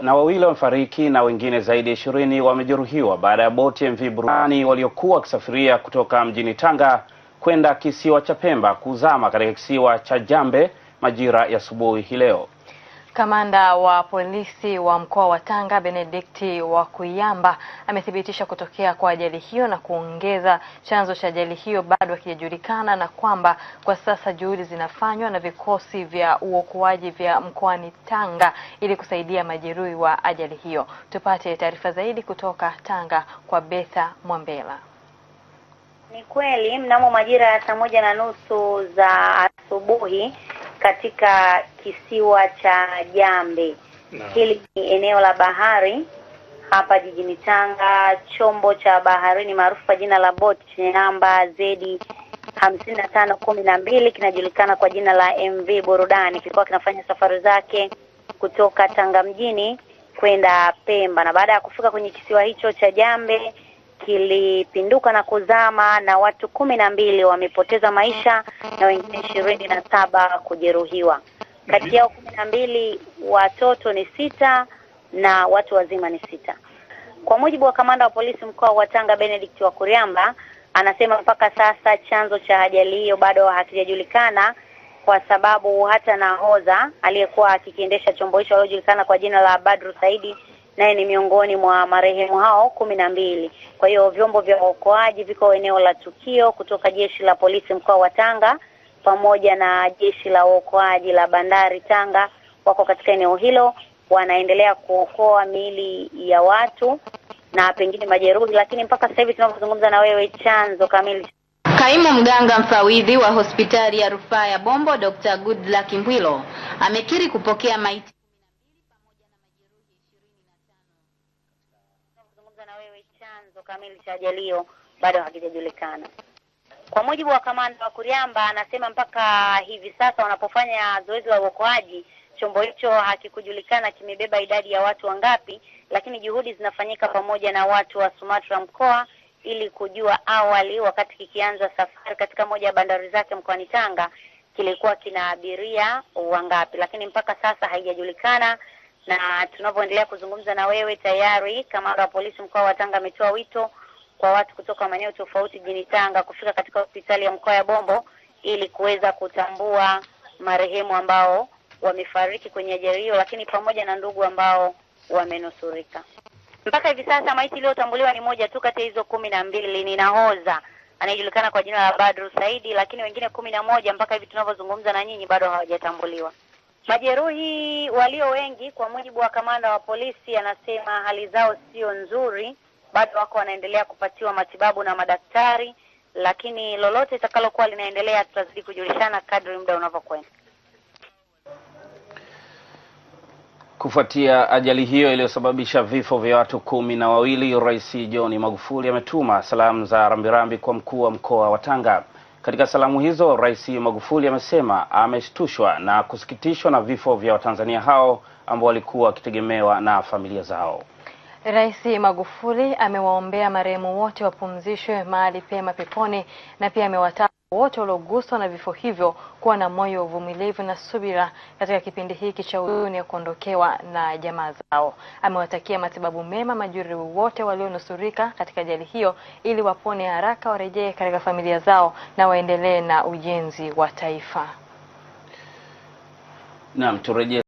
na wawili wamefariki na wengine zaidi ya ishirini wamejeruhiwa baada ya boti MV burani waliokuwa wakisafiria kutoka mjini Tanga kwenda kisiwa cha Pemba kuzama katika kisiwa cha Jambe majira ya asubuhi hii leo. Kamanda wa polisi wa mkoa wa Tanga Benedikti kuyamba amethibitisha kutokea kwa ajali hiyo na kuongeza chanzo cha ajali hiyo bado hakijajulikana na kwamba kwa sasa juhudi zinafanywa na vikosi vya uokoaji vya mkoani Tanga ili kusaidia majeruhi wa ajali hiyo. Tupate taarifa zaidi kutoka Tanga kwa Betha Mwambela. Ni kweli mnamo majira ya saa moja na nusu za asubuhi katika kisiwa cha Jambe no. Hili ni eneo la bahari hapa jijini Tanga. Chombo cha baharini maarufu kwa jina la boti chenye namba Z hamsini na tano kumi na mbili kinajulikana kwa jina la MV Burudani kilikuwa kinafanya safari zake kutoka Tanga mjini kwenda Pemba, na baada ya kufika kwenye kisiwa hicho cha Jambe kilipinduka na kuzama na watu kumi na mbili wamepoteza maisha na wengine ishirini na saba kujeruhiwa. Kati yao kumi na mbili watoto ni sita na watu wazima ni sita. Kwa mujibu wa kamanda wa polisi mkoa wa Tanga Benedict wa Kuriamba, anasema mpaka sasa chanzo cha ajali hiyo bado hakijajulikana, kwa sababu hata nahodha aliyekuwa akikiendesha chombo hicho aliyojulikana kwa jina la Badru Saidi naye ni miongoni mwa marehemu hao kumi na mbili. Kwa hiyo vyombo vya uokoaji viko eneo la tukio kutoka jeshi la polisi mkoa wa Tanga pamoja na jeshi la uokoaji la bandari Tanga wako katika eneo hilo, wanaendelea kuokoa miili ya watu na pengine majeruhi, lakini mpaka sasa hivi tunavyozungumza na wewe, chanzo kamili Kaimu mganga mfawidhi wa hospitali ya rufaa ya Bombo Dr. Goodluck Mwilo amekiri kupokea maiti chanzo kamili cha ajali hiyo bado hakijajulikana. Kwa mujibu wa kamanda wa Kuriamba, anasema mpaka hivi sasa wanapofanya zoezi la uokoaji, chombo hicho hakikujulikana kimebeba idadi ya watu wangapi, lakini juhudi zinafanyika pamoja na watu wa Sumatra mkoa ili kujua awali, wakati kikianza safari katika moja ya bandari zake mkoani Tanga kilikuwa kina abiria wangapi, lakini mpaka sasa haijajulikana na tunavyoendelea kuzungumza na wewe, tayari kamanda wa polisi mkoa wa Tanga ametoa wito kwa watu kutoka maeneo tofauti jini Tanga kufika katika hospitali ya mkoa ya Bombo ili kuweza kutambua marehemu ambao wamefariki kwenye ajali hiyo, lakini pamoja na ndugu ambao wamenusurika. Mpaka hivi sasa maiti iliyotambuliwa ni moja tu kati ya hizo kumi na mbili ni nahoza anayejulikana kwa jina la Badru Saidi, lakini wengine kumi na moja mpaka hivi tunavyozungumza na nyinyi bado hawajatambuliwa. Majeruhi walio wengi, kwa mujibu wa kamanda wa polisi, anasema hali zao sio nzuri, bado wako wanaendelea kupatiwa matibabu na madaktari, lakini lolote litakalokuwa linaendelea tutazidi kujulishana kadri muda unavyokwenda. Kufuatia ajali hiyo iliyosababisha vifo vya watu kumi na wawili, Rais John Magufuli ametuma salamu za rambirambi kwa mkuu wa mkoa wa Tanga. Katika salamu hizo, Rais Magufuli amesema ameshtushwa na kusikitishwa na vifo vya Watanzania hao ambao walikuwa wakitegemewa na familia zao. Rais Magufuli amewaombea marehemu wote wapumzishwe mahali pema peponi na pia amewataka wote walioguswa na vifo hivyo kuwa na moyo wa uvumilivu na subira katika kipindi hiki cha huzuni ya kuondokewa na jamaa zao. Amewatakia matibabu mema majeruhi wote walionusurika katika ajali hiyo ili wapone haraka, warejee katika familia zao na waendelee na ujenzi wa taifa. Naam, turejee